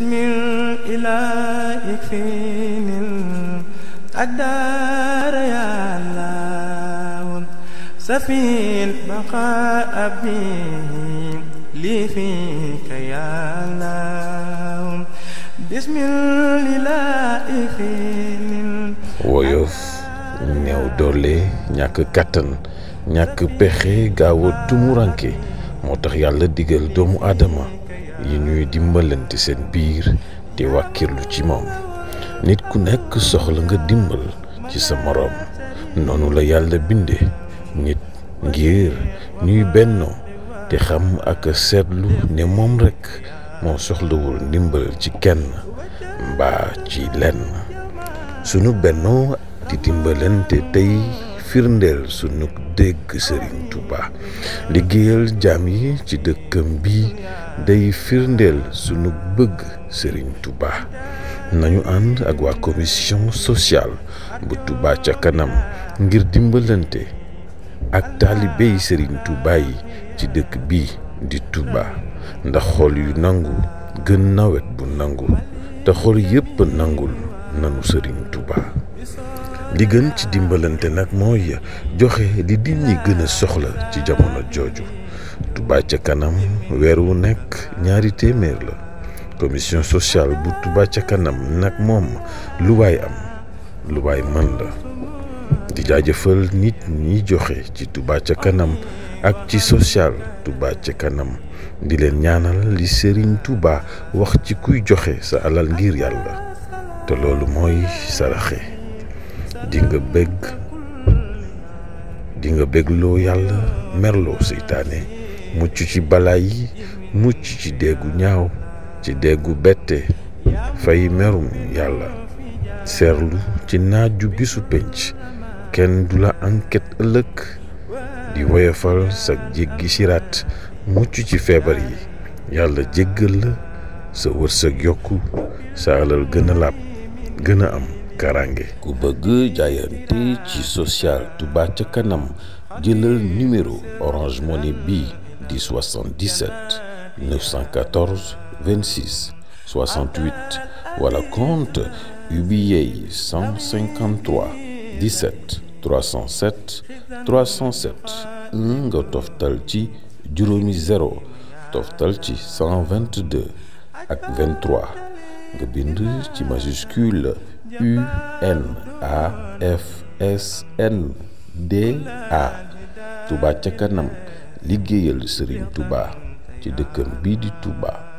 باسم الإله يكفيني القدار يا الله سفي البقاء به لي فيك يا الله باسم الإله يكفيني woyof néew doole ñàkk kàttan ñàkk pexe gaaw tumuranke moo tax yàlla digal doomu aadama yi ñuy dimbalante seen biir di wàkkirlu ci moom nit ku nekk soxla nga dimbal ci sa moroom noonu la yàlla binde nit ngir ñuy bennoo te xam ak seetlu ne moom rekk moo soxlawul ndimbal ci kenn mbaa ci lenn sunu bennoo di dimbalante tey firndeel sunu dégg Serigne Touba liggéeyal jaam yi ci dëkkam bi day firndeel sunu bëgg sëriñ Touba nañu ànd ak waa commission sociale bu Touba ca kanam ngir dimbalante ak taalibey Serigne Touba yi ci dëkk bi di Touba ndax xol yu nangu gën nawet bu nangu te xool yépp nangul nanu sëriñ Touba. li gën ci dimbalante nag mooy joxe li nit ñi gën soxla ci jamono jooju Touba ca kanam weer wu nekk ñaari téeméer la commission sociale bu Touba ca kanam nag moom lu waay am lu waay mën la di jaajëfal nit ñi joxe ci tubaa ca kanam ak ci social Touba ca kanam di leen ñaanal li Serigne Touba wax ci kuy joxe sa alal ngir yàlla te loolu mooy saraxe di nga bëgg di yàlla merloo seytaane mucc ci balaa yi mucc ci déggu ñaaw ci déggu bette fay merum yàlla seerlu ci naaju bisu pénc kenn du la anket ëllëg di woyofal sa jéggi siraat mucc ci feebar yi yàlla jéggal la sa wërsëg yokku sa alal gëna làpp gën am karange ku bëgg jaayante ci social Touba ca kanam jëlal numéro Orange Money bi di 77 914 26 68 wala compte UBA 153 17 307 307 nga toftal ci juróomi 0 toftal ci 122 ak 23 nga bind ci majuscule U N A D A Touba ca kanam liggéeyal Serigne Touba ci dëkkam bii di Touba.